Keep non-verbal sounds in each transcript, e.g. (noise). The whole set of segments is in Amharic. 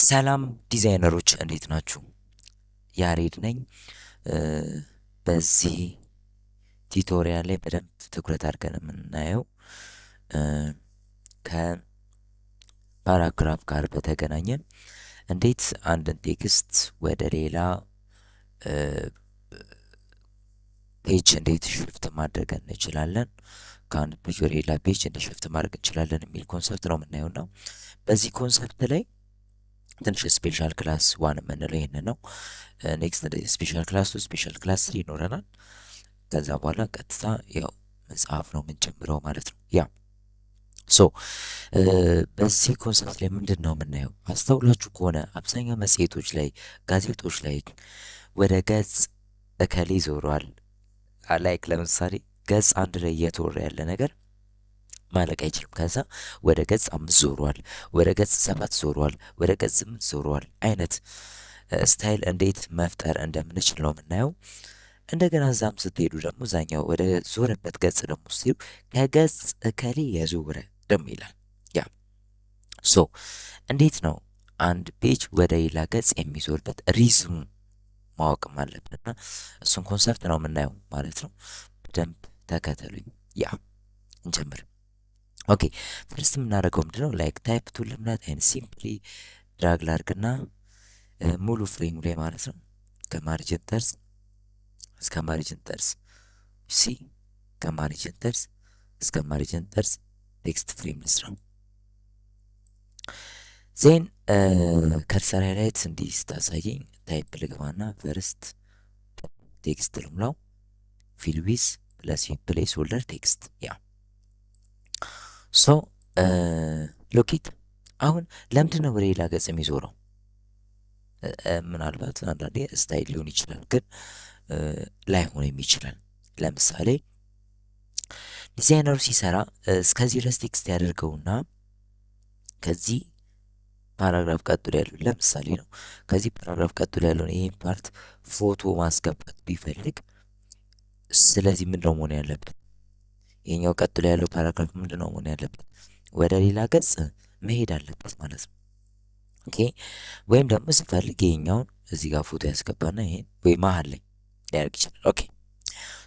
ሰላም ዲዛይነሮች እንዴት ናችሁ? ያሬድ ነኝ። በዚህ ቲቶሪያል ላይ በደንብ ትኩረት አድርገን የምናየው ከፓራግራፍ ጋር በተገናኘ እንዴት አንድን ቴክስት ወደ ሌላ ፔጅ እንዴት ሽፍት ማድረግ እንችላለን፣ ከአንድ ፔጅ ወደ ሌላ ፔጅ እንዴት ሽፍት ማድረግ እንችላለን የሚል ኮንሰፕት ነው የምናየውና በዚህ ኮንሰፕት ላይ ትንሽ ስፔሻል ክላስ ዋን የምንለው ይህን ነው። ኔክስት ስፔሻል ክላስ ቱ ስፔሻል ክላስ ስሪ ይኖረናል። ከዛ በኋላ ቀጥታ ያው መጽሐፍ ነው የምንጀምረው ማለት ነው። ያ ሶ uh, በዚህ ኮንሰርት ላይ ምንድን ነው የምናየው? አስተውላችሁ ከሆነ አብዛኛው መጽሔቶች ላይ፣ ጋዜጦች ላይ ወደ ገጽ እከሌ ይዞረዋል። ላይክ uh, ለምሳሌ ገጽ አንድ ላይ እየተወራ ያለ ነገር ማለቅ አይችልም። ከዛ ወደ ገጽ አምስት ዞሯል፣ ወደ ገጽ ሰባት ዞሯል፣ ወደ ገጽ ስምንት ዞሯል። አይነት ስታይል እንዴት መፍጠር እንደምንችል ነው የምናየው። እንደገና እዛም ስትሄዱ ደግሞ እዛኛው ወደ ዞረበት ገጽ ደግሞ ስትሄዱ ከገጽ እከሌ የዞረ ደግሞ ይላል። ያ ሶ እንዴት ነው አንድ ፔጅ ወደ ሌላ ገጽ የሚዞርበት ሪዝሙ ማወቅም አለብን እና እሱን ኮንሰርት ነው የምናየው ማለት ነው። በደንብ ተከተሉኝ። ያ እንጀምር። ኦኬ ፈርስት የምናደርገው ምንድነው ላይክ ታይፕ ቱን ለምናት ይን ሲምፕሊ ድራግ ላርግና ሙሉ ፍሬሙ ላይ ማለት ነው ከማርጅን ጠርዝ እስከ ማርጅን ጠርዝ ሲ ከማርጅን ጠርዝ እስከ ማርጅን ጠርዝ ቴክስት ፍሬም ልስራው። ዜን ከርሰር ላይት እንዲህ ስታሳየኝ ታይፕ ልግባና ፈርስት ቴክስት ልሙላው ፊልዊስ ፕለስ ፕሌስ ሆልደር ቴክስት ያ ሶ ሎኬት አሁን ለምንድን ነው ወደ ሌላ ገጽ የሚዞረው? ምናልባት አንዳንዴ ስታይል ሊሆን ይችላል፣ ግን ላይሆንም ይችላል። ለምሳሌ ዲዛይነሩ ሲሰራ እስከዚህ ድረስ ቴክስት ያደርገውና ከዚህ ፓራግራፍ ቀጥሎ ያለው ለምሳሌ ነው። ከዚህ ፓራግራፍ ቀጥሎ ያለውን ይህን ፓርት ፎቶ ማስገባት ቢፈልግ ስለዚህ ምንድነው መሆን ያለበት? ይህኛው ቀጥሎ ያለው ፓራግራፍ ምንድነው መሆን ያለበት? ወደ ሌላ ገጽ መሄድ አለበት ማለት ነው። ኦኬ ወይም ደግሞ ስፈልግ ይሄኛውን እዚህ ጋር ፎቶ ያስገባና ይሄን ወይ መሀል ላይ ሊያደርግ ይችላል። ኦኬ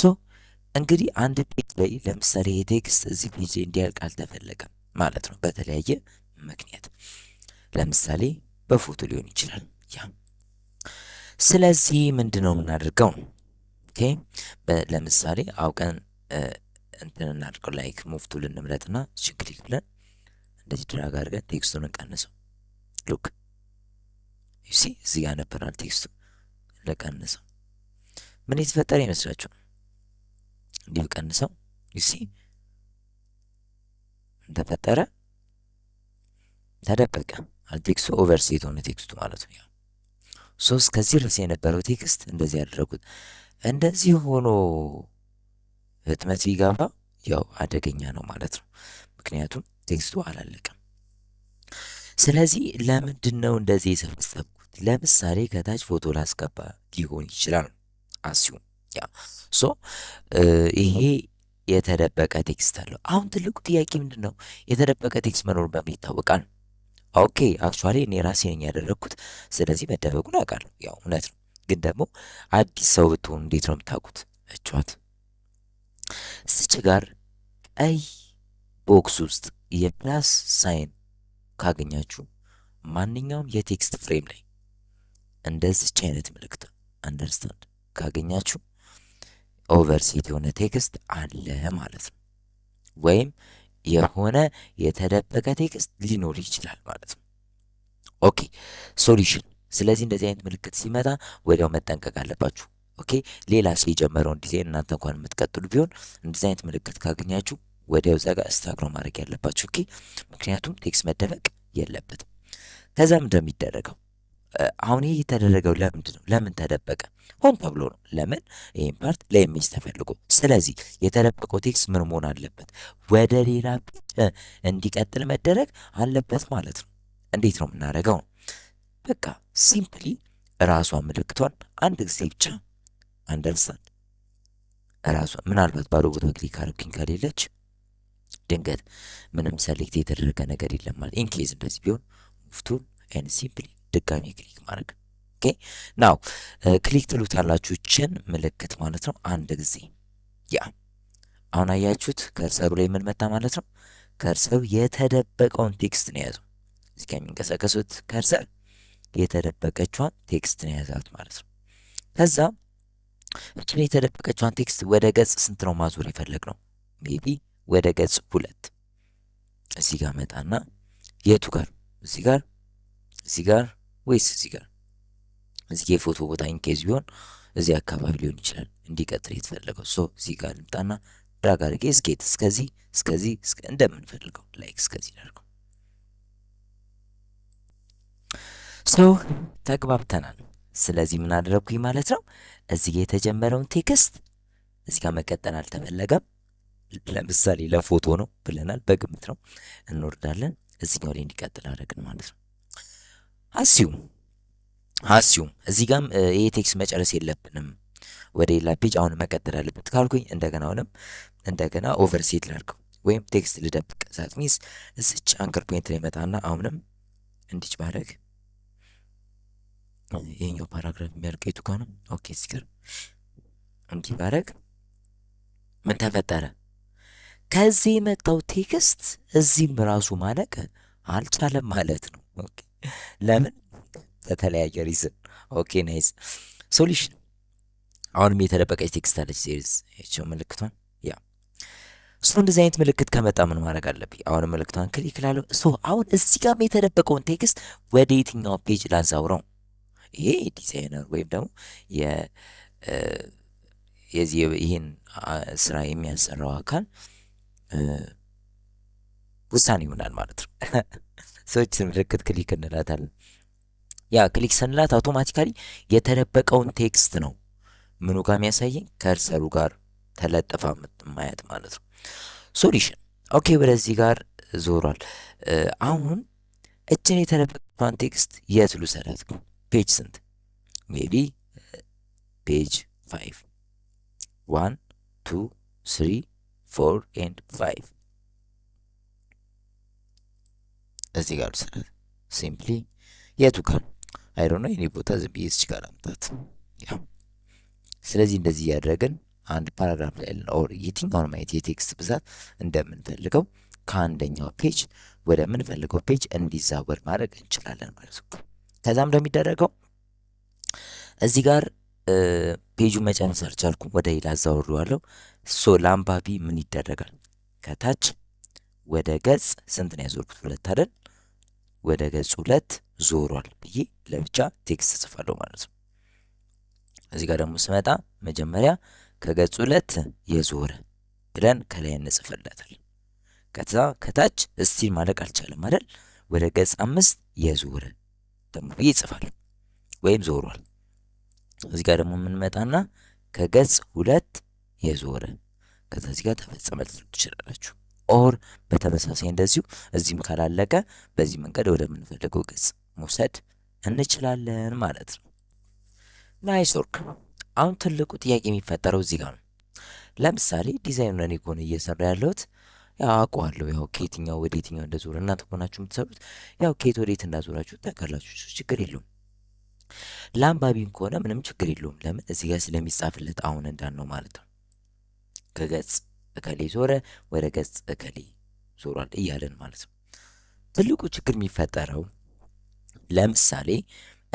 ሶ እንግዲህ አንድ ፔጅ ላይ ለምሳሌ ቴክስት እዚህ ፔጅ ላይ እንዲያልቅ አልተፈለገም ማለት ነው። በተለያየ ምክንያት ለምሳሌ በፎቶ ሊሆን ይችላል። ያ ስለዚህ ምንድን ነው የምናደርገው? ኦኬ ለምሳሌ አውቀን እንትን እናድርገው ላይክ ሙቭ ቱል እንምረጥና እሺ ክሊክ ብለን እንደዚህ ድራግ አድርገን ቴክስቱን እንቀንሰው። ሉክ ሲ እዚህ ጋር ነበራል ቴክስቱ ለቀንሰው። ምን የተፈጠረ ይመስላችኋል? እንዲህ ቀንሰው ዩሲ ተፈጠረ ተደበቀ። ቴክስቱ ኦቨርሴት ሆነ ቴክስቱ ማለት ነው። ሶስት ከዚህ ርዕስ የነበረው ቴክስት እንደዚህ ያደረጉት እንደዚህ ሆኖ ህትመት ሲገባ ያው አደገኛ ነው ማለት ነው። ምክንያቱም ቴክስቱ አላለቀም። ስለዚህ ለምንድን ነው እንደዚህ የሰበሰብኩት? ለምሳሌ ከታች ፎቶ ላስገባ ሊሆን ይችላል። አስዩም ያ ሶ ይሄ የተደበቀ ቴክስት አለው። አሁን ትልቁ ጥያቄ ምንድን ነው? የተደበቀ ቴክስት መኖር በምን ይታወቃል? ኦኬ አክቹዋሊ እኔ ራሴ ነኝ ያደረግኩት፣ ስለዚህ መደበቁን አውቃለሁ። ያው እውነት ነው፣ ግን ደግሞ አዲስ ሰው ብትሆኑ እንዴት ነው የምታውቁት? እችዋት ስች ጋር ቀይ ቦክስ ውስጥ የፕላስ ሳይን ካገኛችሁ ማንኛውም የቴክስት ፍሬም ላይ እንደዚች አይነት ምልክት አንደርስታንድ ካገኛችሁ ኦቨርሲት የሆነ ቴክስት አለ ማለት ነው። ወይም የሆነ የተደበቀ ቴክስት ሊኖር ይችላል ማለት ነው። ኦኬ ሶሉሽን። ስለዚህ እንደዚህ አይነት ምልክት ሲመጣ ወዲያው መጠንቀቅ አለባችሁ። ኦኬ ሌላ ሰው የጀመረውን ዲዛይን እናንተ እንኳን የምትቀጥሉ ቢሆን እንደዚህ አይነት ምልክት ካገኛችሁ ወደ እዛ ጋር ስታግሮ ማድረግ ያለባችሁ ኦኬ። ምክንያቱም ቴክስት መደበቅ የለበትም። ምንድ የሚደረገው አሁን ይህ የተደረገው ለምንድ ነው? ለምን ተደበቀ? ሆን ተብሎ ነው። ለምን ይህን ፓርት ለኤምኤስ ተፈልጎ። ስለዚህ የተደበቀው ቴክስት ምን መሆን አለበት? ወደ ሌላ እንዲቀጥል መደረግ አለበት ማለት ነው። እንዴት ነው የምናደርገው? በቃ ሲምፕሊ ራሷ ምልክቷን አንድ ጊዜ ብቻ አንደርስታንድ ራሷ ምናልባት ባዶ ቦታ ክሊክ አረግኝ ከሌለች ድንገት ምንም ሰሌክት የተደረገ ነገር የለም ማለት ኢንኬዝ እንደዚህ ቢሆን ሙፍቱን ኤን ሲምፕሊ ድጋሚ ክሊክ ማድረግ ኦኬ ናው ክሊክ ትሉታላችሁ ይችን ምልክት ማለት ነው። አንድ ጊዜ ያ አሁን አያችሁት ከርሰሩ ላይ ምን መጣ ማለት ነው። ከርሰሩ የተደበቀውን ቴክስት ነው የያዘው። እዚህ ከሚንቀሳቀሱት ከርሰር የተደበቀችዋን ቴክስት ነው የያዛት ማለት ነው። ከዛም እችን የተደበቀችዋን ቴክስት ወደ ገጽ ስንት ነው ማዞር የፈለግ ነው? ሜቢ ወደ ገጽ ሁለት እዚህ ጋር መጣና የቱ ጋር እዚህ ጋር እዚህ ጋር ወይስ እዚህ ጋር እዚህ የፎቶ ቦታ ኢንኬዝ ቢሆን እዚህ አካባቢ ሊሆን ይችላል እንዲቀጥል የተፈለገው ሶ እዚህ ጋር ልምጣና ድራግ አድርጌ እስኬት እስከዚህ እስከዚህ እንደምንፈልገው ላይክ እስከዚህ ላድርገው ሰው ተግባብተናል ስለዚህ ምን አደረግኩኝ ማለት ነው እዚህ ጋ የተጀመረውን ቴክስት እዚህ ጋ መቀጠል አልተፈለገም። ለምሳሌ ለፎቶ ነው ብለናል፣ በግምት ነው እንወርዳለን። እዚህኛው ላይ እንዲቀጥል አደረግን ማለት ነው። አስዩም አስዩም እዚህ ጋም ይሄ ቴክስት መጨረስ የለብንም ወደ ሌላ ፔጅ አሁን መቀጠል አለበት ካልኩኝ እንደገና አሁንም እንደገና ኦቨርሴት ላድርገው ወይም ቴክስት ልደብቅ። ዛት ሚንስ እዚች አንከር ፖይንት ላይ መጣና አሁንም እንዲች ማድረግ ይህኛው ፓራግራፍ የሚያልቀው የቱ ጋር ኦኬ ስክር እንዲህ ባረግ ምን ተፈጠረ? ከዚህ የመጣው ቴክስት እዚህም ራሱ ማለቅ አልቻለም ማለት ነው። ለምን? በተለያየ ሪዝን። ኦኬ ናይስ ሶሉሽን። አሁንም የተደበቀች ቴክስት አለች ዜርዝቸው ምልክቷን ያ እሱ እንደዚህ አይነት ምልክት ከመጣ ምን ማድረግ አለብኝ? አሁን ምልክቷን ክሊክ እሱ አሁን እዚህ ጋም የተደበቀውን ቴክስት ወደ የትኛው ፔጅ ላዛውረው? ይሄ ዲዛይነር ወይም ደግሞ የዚህ ይህን ስራ የሚያሰራው አካል ውሳኔ ይሆናል ማለት ነው። (laughs) ሰዎች ምልክት ክሊክ እንላታለን። ያ ክሊክ ስንላት አውቶማቲካሊ የተደበቀውን ቴክስት ነው ምኑ ጋር የሚያሳየኝ ከርሰሩ ጋር ተለጠፋ ማየት ማለት ነው። ሶሉሽን ኦኬ፣ ወደዚህ ጋር ዞሯል። አሁን እችን የተደበቀቷን ቴክስት የት ልውሰዳት? ፔጅ ስንት ሜቢ ፔጅ ፋይቭ ዋን ቱ ስሪ ፎር ኤንድ ፋይቭ እዚህ ጋር ስለት ሲምፕሊ የቱ ካል አይሮ የኔ ቦታ ዝም ብዬ እዚህ ጋር አምጣት። ስለዚህ እንደዚህ እያደረግን አንድ ፓራግራፍ ላይ ኦር የትኛውን ማየት የቴክስት ብዛት እንደምንፈልገው ከአንደኛው ፔጅ ወደ ምንፈልገው ፔጅ እንዲዛወር ማድረግ እንችላለን ማለት ነው። ከዛም እንደሚደረገው እዚህ ጋር ፔጁ መጨረስ አልቻልኩም። ወደ ሌላ አዛውረዋለሁ። ሶ ለአንባቢ ምን ይደረጋል? ከታች ወደ ገጽ ስንት ነው ያዞርኩት? ሁለት አይደል? ወደ ገጽ ሁለት ዞሯል ብዬ ለብቻ ቴክስት ጽፋለሁ ማለት ነው። እዚህ ጋር ደግሞ ስመጣ መጀመሪያ ከገጽ ሁለት የዞረ ብለን ከላይ እንጽፍለታል። ከዛ ከታች እስቲ ማለቅ አልቻለም አይደል? ወደ ገጽ አምስት የዞረ ይጽፋል ወይም ዞሯል። እዚህ ጋር ደግሞ የምንመጣና ከገጽ ሁለት የዞረ ከዛ እዚህ ጋር ተፈጸመ ልትሉ ትችላላችሁ። ኦር በተመሳሳይ እንደዚሁ እዚህም ካላለቀ በዚህ መንገድ ወደምንፈልገው ገጽ መውሰድ እንችላለን ማለት ነው። ናይስ ወርክ። አሁን ትልቁ ጥያቄ የሚፈጠረው እዚህ ጋር ነው። ለምሳሌ ዲዛይኑን እኔ ከሆነ እየሰራ ያለሁት አውቀዋለሁ ያው ከየትኛው ወደ የትኛው እንደዞረ እናንተ ሆናችሁ የምትሰሩት ያው ከየት ወደ የት እንዳዞራችሁ ታውቃላችሁ። ችግር የለውም። ለአንባቢም ከሆነ ምንም ችግር የለውም። ለምን እዚህ ጋር ስለሚጻፍለት አሁን እንዳን ነው ማለት ነው። ከገጽ እከሌ ዞረ ወደ ገጽ እከሌ ዞሯል እያለን ማለት ነው። ትልቁ ችግር የሚፈጠረው ለምሳሌ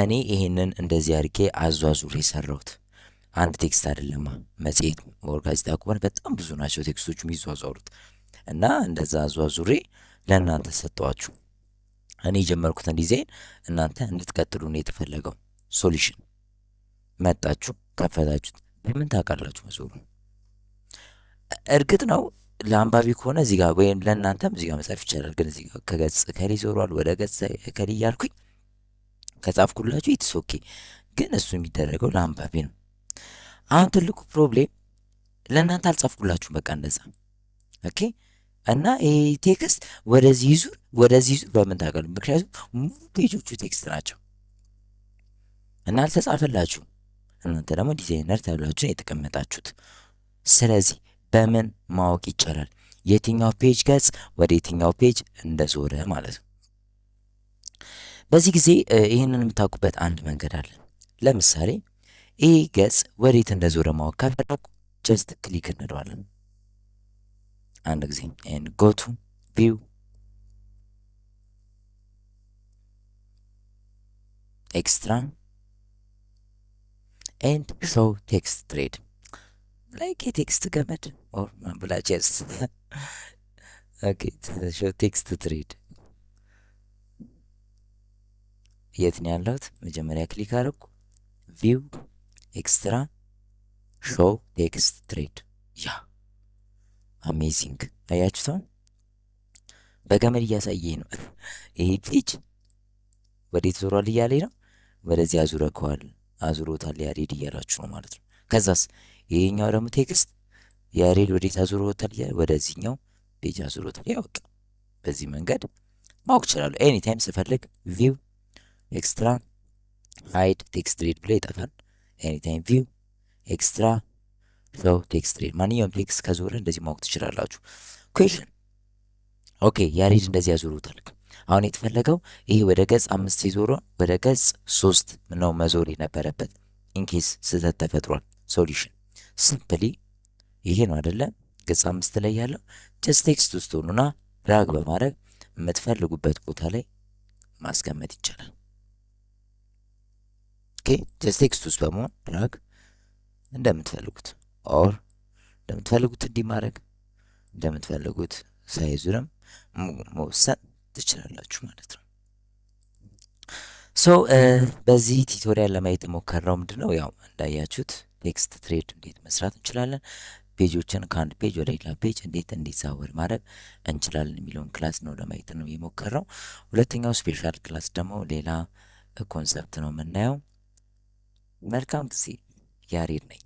እኔ ይሄንን እንደዚህ አድርጌ አዟዙር የሰራሁት አንድ ቴክስት አይደለማ። መጽሔት ወር ጋዜጣ ከሆነ በጣም ብዙ ናቸው ቴክስቶቹ የሚዟዟሩት። እና እንደዛ አዟዙሬ ለእናንተ ሰጠዋችሁ። እኔ የጀመርኩትን ዲዛይን እናንተ እንድትቀጥሉ ነው የተፈለገው። ሶሉሽን መጣችሁ፣ ከፈታችሁት። በምን ታውቃላችሁ መዞሩ? እርግጥ ነው ለአንባቢ ከሆነ እዚህ ጋር ወይም ለእናንተም እዚህ ጋር መጻፍ ይቻላል። ግን እዚህ ጋር ከገጽ ከሌ ዞሯል ወደ ገጽ ከሊ እያልኩኝ ከጻፍኩላችሁ ኢትስ ኦኬ። ግን እሱ የሚደረገው ለአንባቢ ነው። አሁን ትልቁ ፕሮብሌም ለእናንተ አልጻፍኩላችሁም። በቃ እንደዛ ኦኬ እና ይሄ ቴክስት ወደዚህ ዙር ወደዚህ ዙር በምን ታገሉ? ምክንያቱም ሙሉ ፔጆቹ ቴክስት ናቸው እና አልተጻፈላችሁም። እናንተ ደግሞ ዲዛይነር ተብላችሁን የተቀመጣችሁት። ስለዚህ በምን ማወቅ ይቻላል የትኛው ፔጅ ገጽ ወደ የትኛው ፔጅ እንደዞረ ማለት ነው። በዚህ ጊዜ ይህንን የምታውቁበት አንድ መንገድ አለ። ለምሳሌ ይህ ገጽ ወዴት እንደዞረ ማወቅ ከፈለኩ ጀስት ክሊክ እንለዋለን። አንድ ጊዜ ጎቱ ቪው ኤክስትራ ኤንድ ሾው ቴክስት ትሬድ ላይክ የቴክስት ገመድ ብላቸስ ሾው ቴክስት ትሬድ የት ነው ያለሁት? መጀመሪያ ክሊክ አድርጉ። ቪው ኤክስትራ ሾው ቴክስት ትሬድ ያ አሜዚንግ አያችሁታል። በገመድ እያሳየ ነው። ይሄ ፔጅ ወዴት ዞሯል እያለኝ ነው። ወደዚህ አዙረከዋል፣ አዙሮታል ያሬድ እያላችሁ ነው ማለት ነው። ከዛስ ይሄኛው ደግሞ ቴክስት ያሬድ ወዴት አዙሮታል እያለ ወደዚህኛው ፔጅ አዙሮታል። ያው በዚህ መንገድ ማወቅ እችላለሁ። ኤኒ ታይም ስፈልግ ቪው ኤክስትራ ሃይድ ቴክስት ሬድ ብሎ ይጠፋል። ኤኒ ታይም ቪው ኤክስትራ ዘው ቴክስት ትሬድ ማንኛውም ቴክስት ከዞረ እንደዚህ ማወቅ ትችላላችሁ። ኩዌሽን ኦኬ፣ ያሬድ እንደዚህ ያዞሩታል። አሁን የተፈለገው ይሄ ወደ ገጽ አምስት ሲዞረ ወደ ገጽ ሶስት ነው መዞር የነበረበት። ኢንኬስ ስህተት ተፈጥሯል። ሶሉሽን ሲምፕሊ ይሄ ነው አደለ? ገጽ አምስት ላይ ያለው ጀስት ቴክስት ውስጥ ሆኑና ድራግ በማድረግ የምትፈልጉበት ቦታ ላይ ማስቀመጥ ይቻላል። ኦኬ ጀስት ቴክስት ውስጥ በመሆን ድራግ እንደምትፈልጉት ኦር እንደምትፈልጉት እንዲህ ማድረግ እንደምትፈልጉት ሳይዙንም መወሰን ትችላላችሁ ማለት ነው። ሶ በዚህ ቲቶሪያል ለማየት የሞከርነው ምንድን ነው? ያው እንዳያችሁት ቴክስት ትሬድ እንዴት መስራት እንችላለን፣ ፔጆችን ከአንድ ፔጅ ወደ ሌላ ፔጅ እንዴት እንዲዛወር ማድረግ እንችላለን የሚለውን ክላስ ነው ለማየት ነው የሞከርነው። ሁለተኛው ስፔሻል ክላስ ደግሞ ሌላ ኮንሰፕት ነው የምናየው። መልካም ጊዜ። ያሬድ ነኝ።